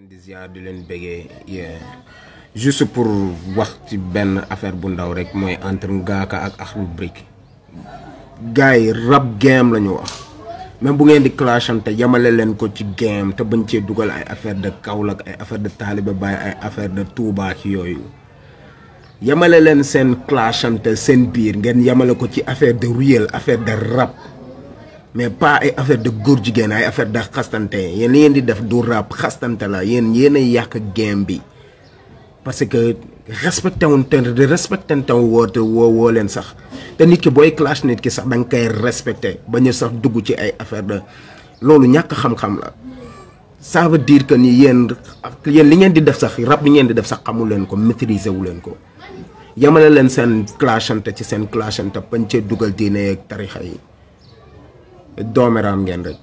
di leen bégee yeah. juste pour wax ci ben affaire bu ndaw rek moy entre ak axlu brick gay rap game lañu wax même bu ngeen di clashanté yamale len ko ci game te bañ ci dugal ay affaire de kaoulak ay affaire de taaliba baay ay affaire de touba ci yoyu yamale len sen clashanté sen bir ngeen yamale ko ci affaire de ruel affaire de rap. mais pas ay affaire de góor jigéen ay affaire de xastante yéen ngeen di def du rap xastante la yéen yéen a yàq game bi parce que respecté wuñ te respecté wuñ woo te woo woo leen sax te nit ki booy clash nit ki sax da nga koy respecté ba ñu sax dugg ci ay affaire de loolu ñàkk xam-xam la ça veut dire que ni yéen yéen li ngeen di def sax rap li ngeen di def sax xamul leen ko maîtriser wu leen ko yamale leen seen clashante ci seen clashante bañ cee dugal diine ak tarixa yi. doomeraam ngeen